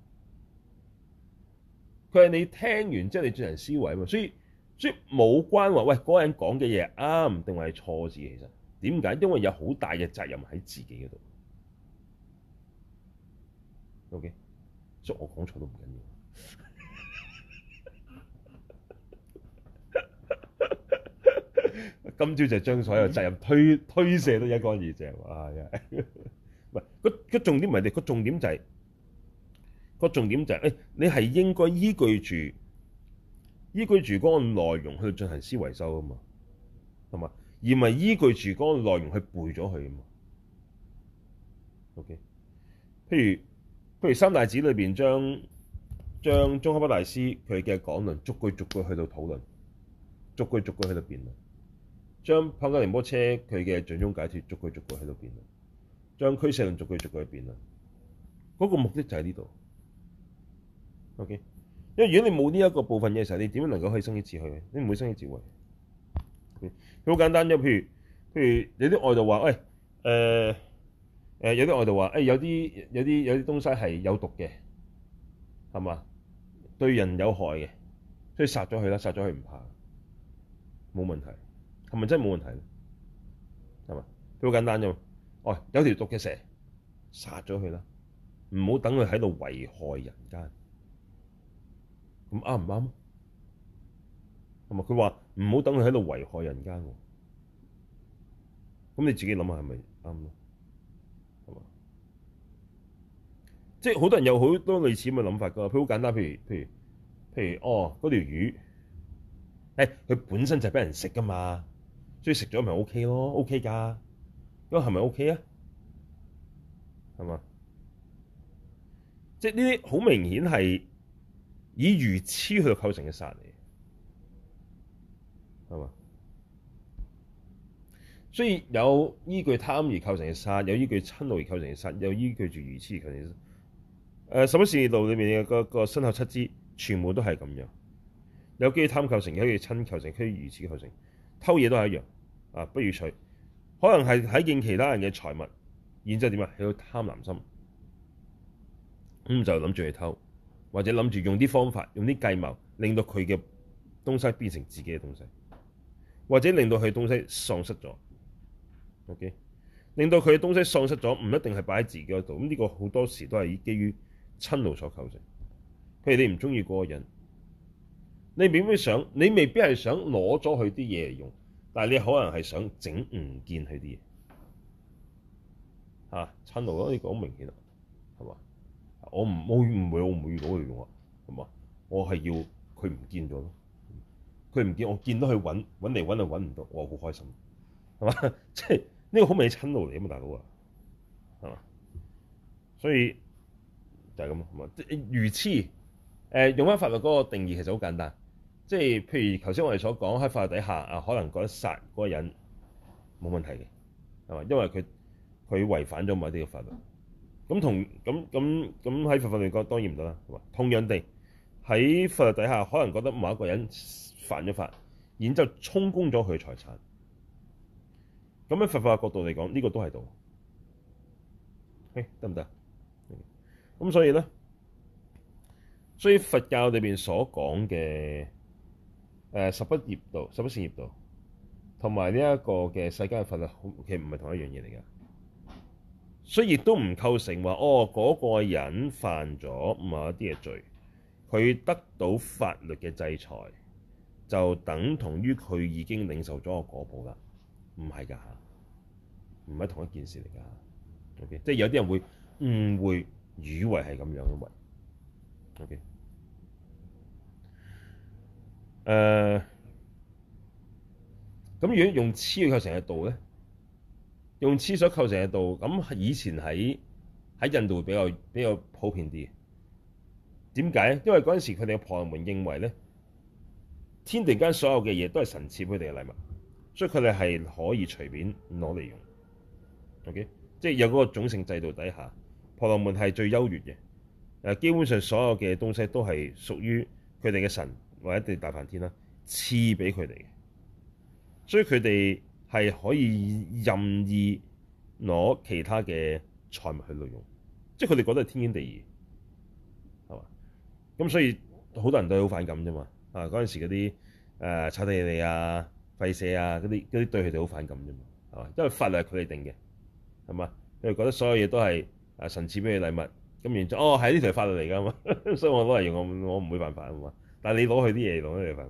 [SPEAKER 1] 佢係你聽完之後你進行思維嘛，所以即冇關喂話喂嗰人講嘅嘢啱定係錯字，其實點解？因為有好大嘅責任喺自己嗰度。O K，即我講錯都唔緊要。今朝就將所有責任推推卸得一乾二淨。啊唔係個個重點唔係啲，個重點就係、個重點就係，欸、你係應該依據住依據住嗰個內容去進行思維修啊嘛，係嘛？而唔係依據住嗰個內容去背咗佢啊嘛。OK，譬如譬如三大寺裏面將將宗喀巴大師佢嘅講論逐句逐句去到討論，逐句逐句去到辯論。將龐加尼摩車佢嘅最終解脱，逐句逐句喺度變啦。將俱舍論逐句逐句喺變啦。嗰、那個目的就喺呢度。O、okay? K，因為如果你冇呢一個部分嘅時候，你點樣能夠可以生起智慧？你唔會生起智慧。好簡單、啊，即譬如譬如有啲外道話，喂、哎，誒、呃、誒，有啲外道話，誒、哎，有啲有啲有啲東西係有毒嘅，係嘛？對人有害嘅，所以殺咗佢啦，殺咗佢唔怕，冇問題。係咪真係冇問題咧？係咪？佢好簡單啫嘛！哦，有條毒嘅蛇，殺咗佢啦！唔好等佢喺度危害人間。咁啱唔啱？係咪？佢話唔好等佢喺度危害人間喎。咁你自己諗下是不是，係咪啱咯？係嘛？即係好多人有好多類似咁嘅諗法噶。佢好簡單，譬如譬如譬如，哦，嗰條魚，佢、欸、本身就係畀人食噶嘛。所以食咗咪 OK 咯，OK 㗎，咁係咪 OK 啊？係嘛？即係呢啲好明顯係以愚痴去構成嘅殺嚟，係嘛？所以有依據貪而構成嘅殺，有依據瞋怒而構成嘅殺，有依據住愚痴而構成殺。誒，十惡業道裏面嘅、嗰個嗰個身口七支，全部都係咁樣。有依據貪構成嘅，有依據瞋構成，有依據愚痴構成。偷嘢都係一樣。啊，不與取，可能係睇見其他人嘅財物，然之後點啊？起到貪婪心，咁就諗住去偷，或者諗住用啲方法，用啲計謀，令到佢嘅東西變成自己嘅東西，或者令到佢嘅東西喪失咗。OK，令到佢嘅東西喪失咗，唔一定係擺喺自己嗰度，咁呢個好多時都係基於嗔怒所構成。譬如你唔中意嗰個人，你未必想，你未必係想攞咗佢啲嘢嚟用，但係你可能係想整唔見佢啲嘢，嚇、啊、親路咯，呢個好明顯啊，係嘛？我唔冇唔會，我唔會攞佢用啊，係嘛？我係要佢唔見咗咯，佢唔見，我見到佢揾揾嚟揾去揾唔到，我好開心，係嘛？即係呢個好明顯親路嚟啊嘛，大佬啊，係嘛？所以就係咁啊嘛，如此誒用翻法律嗰個定義其實好簡單。即係譬如頭先我哋所講，喺法律底下啊，可能覺得殺嗰個人冇問題嘅，係嘛？因為佢佢違反咗某一啲嘅法律。咁同咁咁咁喺佛法嚟講，當然唔得啦。係嘛？同樣地喺法律底下，可能覺得某一個人犯咗法，然之後充公咗佢財產。咁喺佛法角度嚟講，呢、這個都係道，得唔得？咁、嗯、所以咧，所以佛教裏邊所講嘅。誒十不善業道，十不善業道，同埋呢一個嘅世界嘅法律，其實唔係同一樣嘢嚟噶。所以都唔構成話，哦，嗰、那個人犯咗某一啲嘅罪，佢得到法律嘅制裁，就等同於佢已經領受咗個果報啦。唔係㗎，唔係同一件事嚟㗎。O、OK, K，即係有啲人會誤會，以為係咁樣，嘅為 O K。誒，咁、呃、如果用痴去構成嘅道咧，用痴所構成嘅道，咁以前喺喺印度會比較比較普遍啲。點解？因為嗰陣時佢哋嘅婆羅門認為咧，天地間所有嘅嘢都係神賜佢哋嘅禮物，所以佢哋係可以隨便攞嚟用。O K，即係有嗰個種姓制度底下，婆羅門係最優越嘅。誒，基本上所有嘅東西都係屬於佢哋嘅神。或者大梵天啦，賜俾佢哋嘅，所以佢哋係可以任意攞其他嘅財物去利用，即係佢哋覺得係天經地義，係嘛？咁所以好多人都係好反感啫嘛。啊，嗰陣時嗰啲誒剎帝利啊、吠舍啊嗰啲嗰啲對佢哋好反感啫嘛，係嘛？因為法律係佢哋定嘅，係嘛？因為覺得所有嘢都係啊神賜俾佢禮物，咁然之後哦係呢條法律嚟㗎嘛，所以我攞嚟用我我唔會犯法啊嘛。但你攞佢啲嘢嚟，攞嚟發覺，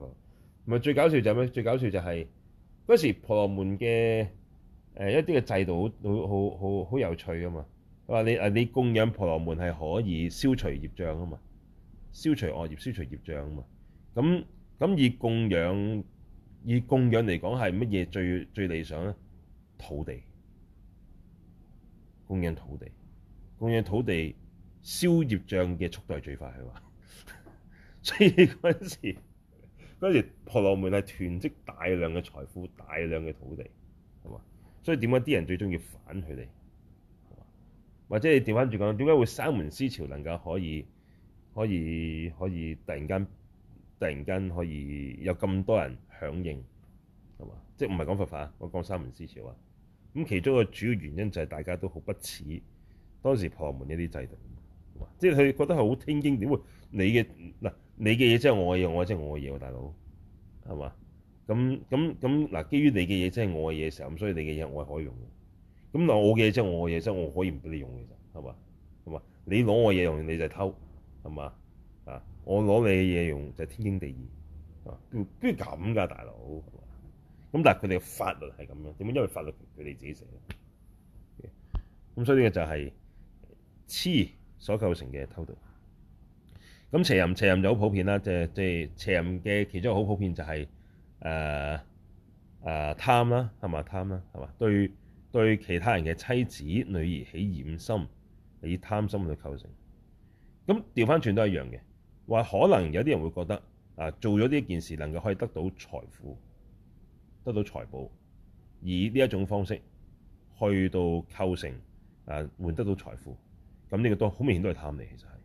[SPEAKER 1] 唔係，最搞笑就係咩？最搞笑就係嗰時婆羅門嘅誒一啲嘅制度好好好好好有趣㗎嘛！話你，誒你供養婆羅門係可以消除業障啊嘛，消除惡業、消除業障啊嘛。咁咁以供養以供養嚟講係乜嘢最最理想咧？土地供養土地供養土地消業障嘅速度係最快，係嘛。所以嗰陣時，嗰陣時婆羅門係囤積大量嘅財富、大量嘅土地，係嘛？所以點解啲人最中意反佢哋？或者你調翻轉講，點解會三門思潮能夠可以、可以、可以、可以突然間、突然間可以有咁多人響應？係嘛？即係唔係講佛法啊？我講三門思潮啊！咁其中一個主要原因就係大家都好不似當時婆羅門一啲制度，是即係佢覺得係好天經點啊？會你嘅嗱。你嘅嘢即係我嘅嘢，我即係我嘅嘢大佬，係嘛？咁咁咁嗱，基於你嘅嘢即係我嘅嘢時候，咁所以你嘅嘢我係可以用咁嗱，我嘅嘢即係我嘅嘢，即係我可以唔俾你用嘅啫，係嘛？係嘛？你攞我嘅嘢用你就係偷，係嘛？啊，我攞你嘅嘢用就係、天經地義，啊，居然咁㗎，大佬，咁但係佢哋嘅法律係咁樣，點解？因為法律佢哋自己寫嘅，咁所以呢個就係、係、黐所構成嘅偷盜。咁邪淫邪淫就好普遍啦，即係即係邪淫嘅其中一個好普遍就係誒誒貪啦，係嘛貪啦，係嘛對對其他人嘅妻子、女兒起染心，以貪心去構成。咁調翻轉都係一樣嘅，話可能有啲人會覺得啊，做咗呢一件事能夠可以得到財富、得到財寶，以呢一種方式去到構成啊，換得到財富，咁呢個都好明顯都係貪嚟，其實係。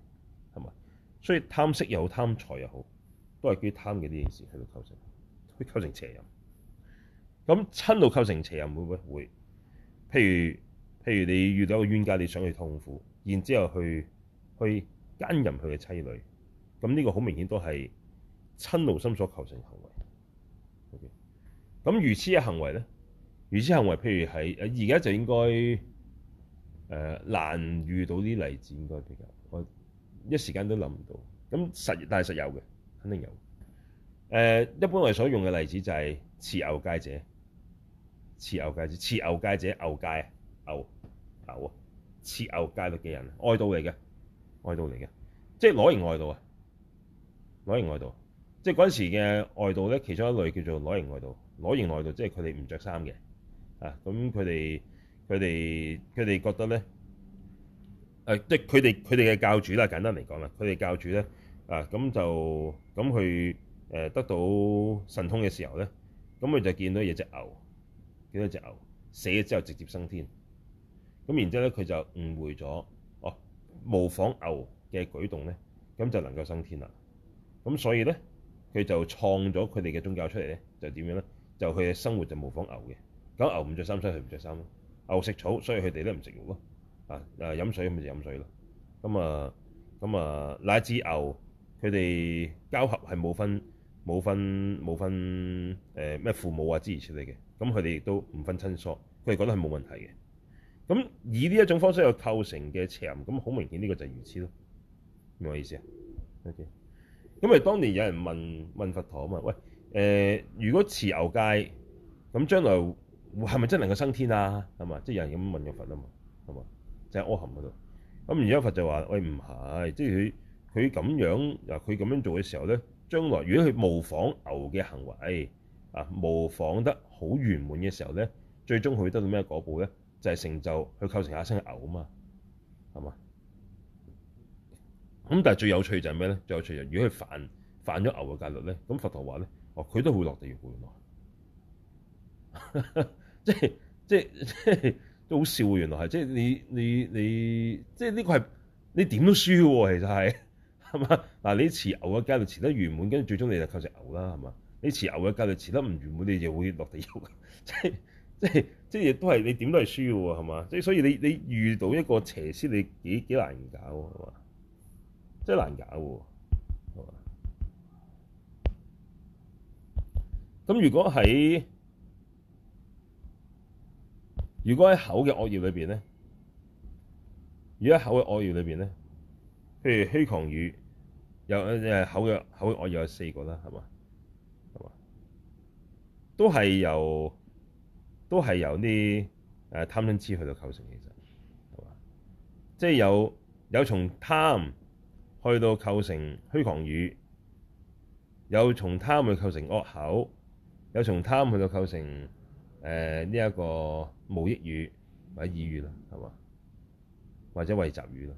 [SPEAKER 1] 所以貪色又好貪財又好，都係關於貪嘅呢件事喺度構成，去構成邪淫。咁瞋恚構成邪淫會唔會譬如譬如你遇到一個冤家，你想去痛苦，然之後去去奸淫佢嘅妻女，咁呢個好明顯都係瞋恚心所構成行為。O.K. 咁如此嘅行為咧，如此行為譬如喺而家就應該誒、呃、難遇到啲例子，應該比較一時間都諗唔到，咁實但係實有嘅，肯定有。誒、呃，一般我哋所用嘅例子就係持牛戒者，持牛戒者，持牛戒者，牛戒，牛牛啊，持牛戒律嘅人，外道嚟嘅，外道嚟嘅，即係裸形外道啊，裸形外道，即係嗰陣時嘅外道咧，其中一類叫做裸形外道，裸形外道，即係佢哋唔着衫嘅，啊，咁佢哋佢哋佢哋覺得咧。誒即係佢哋佢哋嘅教主啦，簡單嚟講啦，佢哋教主咧，啊，咁就咁去誒得到神通嘅時候咧，咁佢就見到有隻牛，見到隻牛死咗之後直接升天，咁然之後咧佢就誤會咗，哦模仿牛嘅舉動咧，咁就能夠升天啦。咁所以咧佢就創咗佢哋嘅宗教出嚟咧，就點樣咧？就佢嘅生活就模仿牛嘅，咁牛唔着衫，所以佢唔着衫咯。牛食草，所以佢哋都唔食肉咯。啊誒飲、啊、水咪就飲水咯，咁啊咁啊那隻牛佢哋交合係冇分冇分冇分誒咩、呃、父母啊之類出嚟嘅，咁佢哋亦都唔分親疏，佢哋覺得係冇問題嘅。咁、嗯、以呢一種方式去構成嘅邪淫，咁、嗯、好明顯呢個就係如此咯，明我意思啊？OK，咁、嗯、啊、嗯，當年有人問問佛陀啊嘛，喂誒、呃，如果持牛戒咁將來係咪真能夠生天啊？係、就是、嘛，即係有人咁問咗佛啊嘛，係嘛？就係阿含嗰度，咁而家佛就話：喂，唔係，即係佢佢咁樣嗱，佢咁樣做嘅時候咧，將來如果佢模仿牛嘅行為、哎、啊，模仿得好圓滿嘅時候咧，最終佢得到咩嗰步咧，就係、是、成就去構成下生嘅牛啊嘛，係嘛？咁但係最有趣就係咩咧？最有趣就係如果佢犯犯咗牛嘅戒律咧，咁佛陀話咧，哦，佢都會落地獄內。 即即即。都好笑，原來係即係你你你，即係呢個係你點都輸喎、啊，其實係係嘛嗱，你持牛嘅戒就持得圓滿，跟住最終你就靠食牛啦，係嘛？你持牛嘅戒就持得唔圓滿，你就會落地獄，即係即係即係都係你點都係輸嘅喎，係嘛？即係、啊、所以你你遇到一個邪師，你幾幾難搞係嘛？即係難搞喎，係嘛？咁如果喺如果喺口嘅惡業裏面咧，如果喺口嘅惡業裏邊咧，譬如虛狂語，有誒口嘅口嘅惡業有四個啦，係嘛？係嘛？都係由都係由呢誒呃貪嗔痴去到構成，其實係嘛？即係有有從貪去到構成虛狂語，有從貪去構成惡口，有從貪去到構成誒呢一個。無益語或者耳語啦，係嘛？或者為習語啦，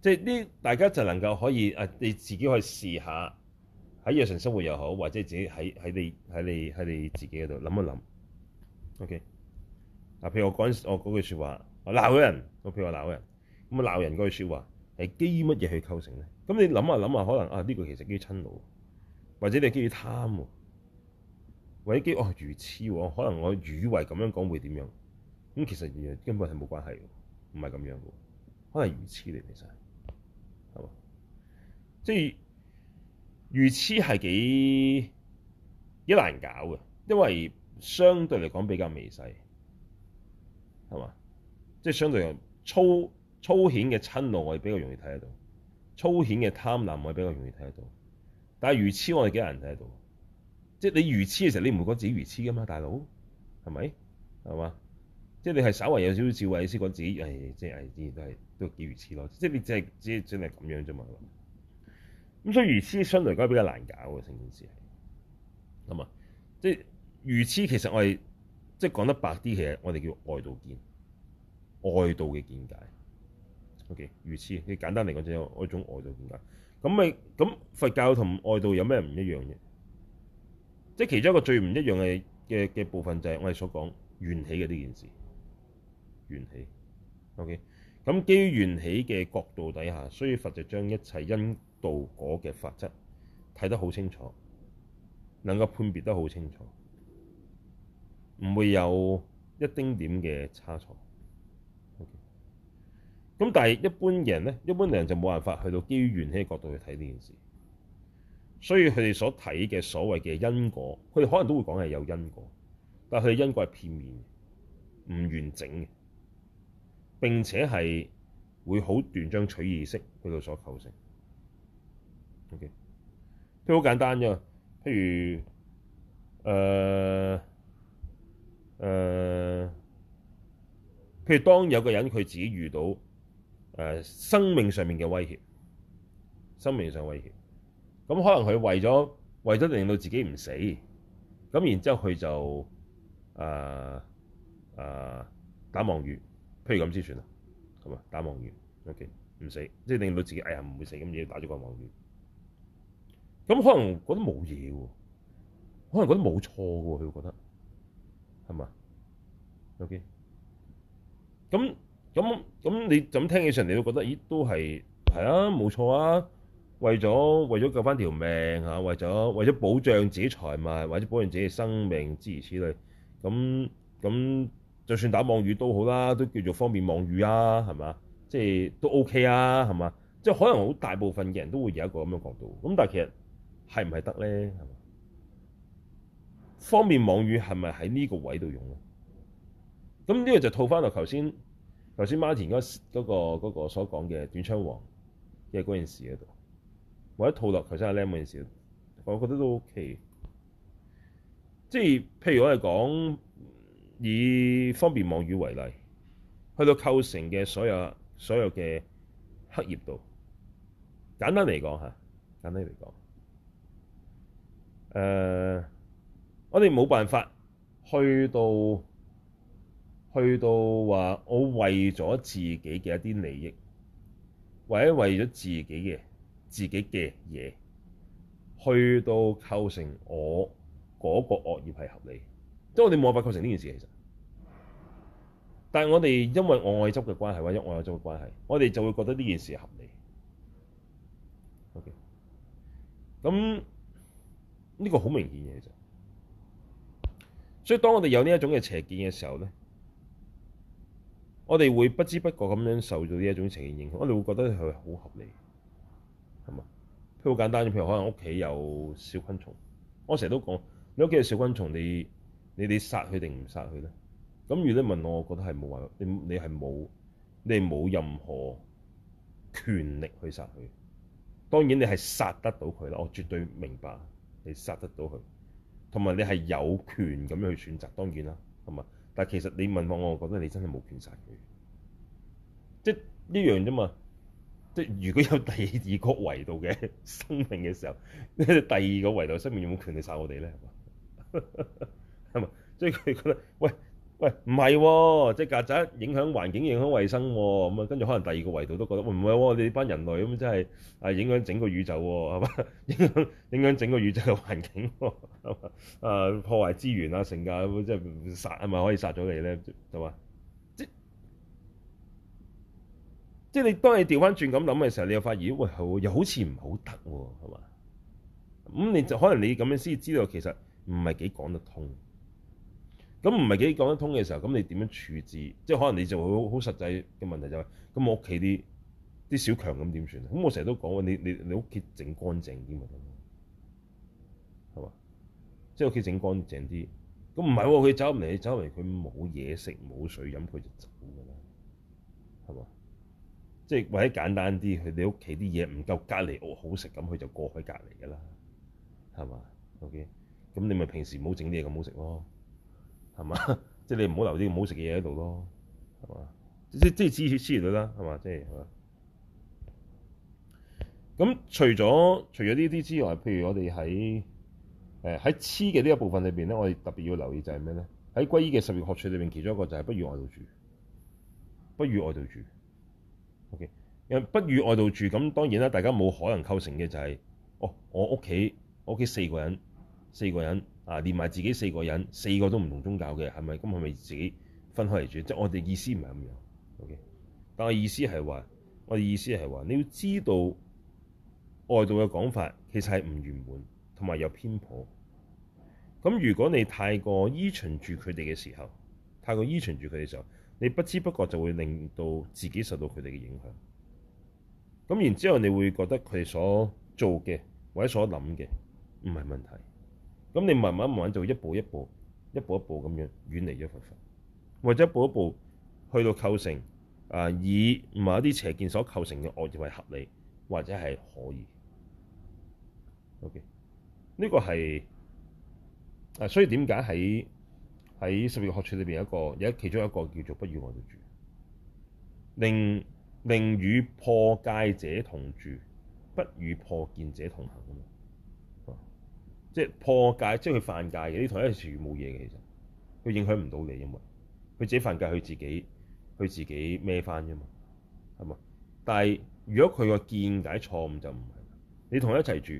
[SPEAKER 1] 即係呢？大家就能夠可以你自己可以試下喺日常生活又好，或者自己喺喺你喺你喺你自己嗰度諗一諗。OK，嗱、啊，譬如我講我嗰句說話，我鬧人，我譬如我鬧人，咁啊鬧人嗰句說話係基於乜嘢去構成咧？咁你諗下諗下，可能啊呢個其實基於瞋惱，或者你基於貪或者基哦愚痴喎、哦，可能我以為咁樣講會點樣？咁、嗯、其實原根本係冇關係嘅，唔係咁樣嘅，可能係愚痴嚟，其實係嘛？即係愚痴係幾幾難搞嘅，因為相對嚟講比較微細，係嘛？即係相對嚟粗粗顯嘅瞋怒我哋比較容易睇得到，粗顯嘅貪婪我哋比較容易睇得到，但係愚痴我哋幾難睇得到。即係你愚痴嘅時候，你唔會覺得自己愚痴噶嘛，大佬，係咪？係嘛？即係你係稍微有少少智慧先覺得自己，誒，即係啲都係都幾愚痴咯。即係你只係只係真係咁樣啫嘛。咁所以愚痴相對嚟講比較難搞嘅，成件事係咁啊。即係愚痴其實我哋即係講得白啲，其實我哋叫外道見，外道嘅見解。O.K. 愚痴你簡單嚟講，就係一種外道見解。咁咪咁佛教同外道有咩唔一樣嘅？即係其中一個最唔一樣嘅嘅嘅部分就係我哋所，就係我哋所講緣起嘅呢件事，緣起。OK，咁基於緣起嘅角度底下，所以佛就將一切因道果嘅法則睇得好清楚，能夠判別得好清楚，唔會有一丁點嘅差錯。咁，OK，但係一般人咧，一般人就冇辦法去到基於緣起嘅角度去睇呢件事。所以佢哋所睇嘅所謂嘅因果，佢哋可能都會講係有因果，但係佢哋因果係片面嘅，唔完整嘅，並且係會好斷章取義式去到所構成。OK，都好簡單啫。譬如誒誒、呃呃，譬如當有個人佢自己遇到誒、呃、生命上面嘅威脅，生命上威脅。咁可能佢為咗為咗令到自己唔死，咁然之後佢就誒誒、呃呃、打望月，譬如咁之算啦，打望月，o K，唔死，即、就、係、是、令到自己哎呀唔會死咁嘢打咗個望月。咁可能覺得冇嘢喎，可能覺得冇錯喎，佢覺得係咪 o K，咁咁咁你咁聽起上嚟都覺得，咦都係係啊冇錯啊。為咗為咗救翻條命嚇，為咗為咗保障自己財物，或者保障自己嘅生命，諸如此類咁咁，就算打妄語都好啦，都叫做方便妄語啊，係嘛？即係都 OK 啊，係嘛？即係可能好大部分嘅人都會有一個咁嘅角度。咁但係其實係唔係得咧？方便妄語係咪喺呢個位度用咧？咁呢個就套翻落頭先頭先 Martin 嗰嗰個嗰個所講嘅短槍王嘅嗰件事度。那個或者套落求生係叻嗰件事，les，我覺得都 OK。即係譬如我哋講以方便妄語為例，去到構成嘅所有所有嘅黑業道，簡單嚟講嚇，簡單嚟講，呃，我哋冇辦法去到去到話，我為咗自己嘅一啲利益，或者為咗自己嘅。自己嘅嘢去到構成我嗰個惡業係合理，即係我哋無法構成呢件事其實。但係我哋因為我愛執嘅關係或者我愛執嘅關係，我哋就會覺得呢件事係合理。OK，咁呢個好明顯嘅其實。所以當我哋有呢一種嘅邪見嘅時候咧，我哋會不知不覺咁樣受到呢一種邪見影響，我哋會覺得佢好合理。係嘛？譬如好簡單嘅，譬如可能屋企有小昆蟲，我成日都講，你屋企有小昆蟲，你你你殺佢定唔殺佢咧？咁如果你問我，我覺得係冇話，你你係冇你冇任何權力去殺佢。當然你係殺得到佢啦，我絕對明白你殺得到佢，同埋你係有權咁樣去選擇，當然啦，係嘛？但其實你問我，我覺得你真係冇權殺佢，即係一樣啫嘛。即係如果有第二個維度嘅生命嘅時候，呢第二個維度生命有冇權利殺我哋咧？係 嘛？所以佢哋覺得，喂喂，唔係、哦，即係曱甴影響環境、影響衞生、哦，咁啊，跟住可能第二個維度都覺得，唔係喎，你這班人類咁真係係影響整個宇宙喎、哦，係嘛？影響影響整個宇宙嘅環境、哦，係嘛、啊？破壞資源啊，成架即係殺，係咪可以殺咗你咧？到啊！即係你當你調翻轉咁諗嘅時候，你又發現喂，喂，又好似唔好得喎，係嘛？咁你就可能你咁樣先知道其實唔係幾講得通。咁唔係幾講得通嘅時候，咁你點樣處置？即係可能你就會好實際嘅問題就係：咁我屋企啲啲小強咁點算？咁我成日都講你你你屋企整乾淨啲咪得咯，係嘛？即係屋企整乾淨啲。咁唔係佢走嚟走嚟，佢冇嘢食冇水飲，佢就走㗎啦，係嘛？即係或者簡單啲，佢你屋企啲嘢唔夠隔離屋好食，咁佢就過去隔離㗎啦，係嘛？OK，咁你咪平時唔好整啲嘢咁好食咯，係嘛？ 即係你唔好留啲唔好食嘅嘢喺度咯，係嘛？即即係黐黐住佢啦，係嘛？即係，咁除咗除咗呢啲之外，譬如我哋喺誒喺黐嘅呢一部分裏面咧，我哋特別要留意就係咩咧？喺《歸依嘅十月學處》裏面，其中一個就係不與外道住，不與外道住。O.K.，因為不與外道住，咁當然啦，大家冇可能構成嘅就係，哦，我屋企，屋企四個人，四個人啊，連埋自己四個人，四個都唔同宗教嘅，係咪？咁係咪自己分開嚟住？即係我哋意思唔係咁樣。O.K.，但係意思係話，我哋意思係話，你要知道外道嘅講法其實係唔圓滿，同埋有偏頗。咁如果你太過依循住佢哋嘅時候，太過依循住佢哋時候。你不知不覺就會令到自己受到佢哋嘅影響，咁然之後你會覺得佢哋所做嘅或者所諗嘅唔係問題，咁你慢慢慢慢就會一步一步、一步一步咁樣遠離咗佛法，或者一步一步去到構成啊以某一啲邪見所構成嘅惡業為合理或者係可以。OK，呢個係啊，所以點解喺？喺《在十二學處》裏邊有一個，有一其中一個叫做不與我哋住，寧寧與破戒者同住，不與破見者同行咁啊、嗯！即係破戒，即係佢犯戒嘅。你同佢一齊住冇嘢嘅，其實佢影響唔到你嘅嘛。佢自己犯戒，佢自己佢自己孭翻啫嘛，係嘛？但係如果佢個見解錯誤就唔係。你同佢一齊住，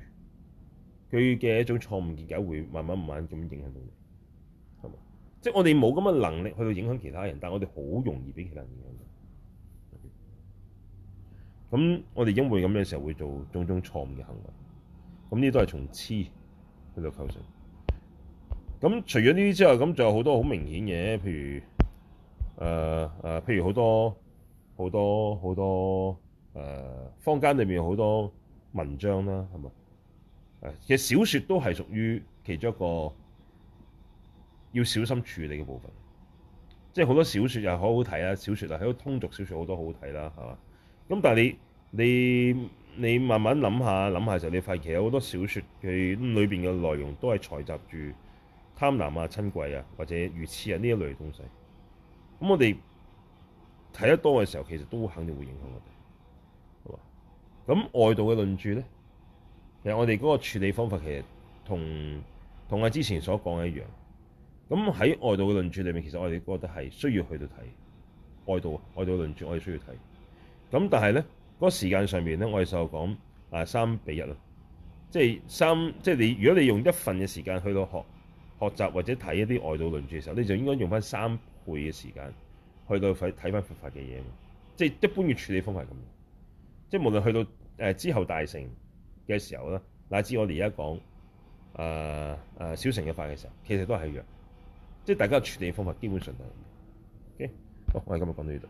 [SPEAKER 1] 佢嘅一種錯誤見解解會慢慢慢慢咁影響到你。即係我哋冇咁嘅能力去到影響其他人，但係我哋好容易俾其他人影響。咁我哋因為咁嘅時候會做種種錯誤嘅行為，咁呢啲都係從痴去到構成。咁除咗呢啲之外，咁仲有好多好明顯嘅，譬如誒誒、呃呃，譬如好多好多好多誒、呃，坊間裏面好多文章啦，係咪？誒，其實小説都係屬於其中一個。要小心處理嘅部分，即係好多小説又係好好睇啦。小説啊，喺通俗小説好多好好睇啦，係嘛？咁但係你你你慢慢諗下諗下嘅時候，你發現其實好多小説佢裏邊嘅內容都係採集住貪婪啊、瞋恚啊或者愚痴啊呢一類嘅東西。咁我哋睇得多嘅時候，其實都肯定會影響我哋，係嘛？咁外道嘅論著咧，其實我哋嗰個處理方法其實同同我之前所講嘅一樣。咁喺外道嘅論著裏面，其實我哋覺得係需要去到睇外道、外道論著，我哋需要睇。咁但係咧、嗰個時間上面咧，我哋就講啊三比一咯，即係三，即係你。如果你用一份嘅時間去到學學習或者睇一啲外道論著嘅時候，你就應該用翻三倍嘅時間去到睇翻佛法嘅嘢，即係一般嘅處理方法咁，即係無論去到、呃、之後大乘嘅時候咧，乃至我哋而家講小乘嘅法嘅時候，其實都係一樣。即大家的處理方法基本上係，OK，好，我哋今日講到呢度。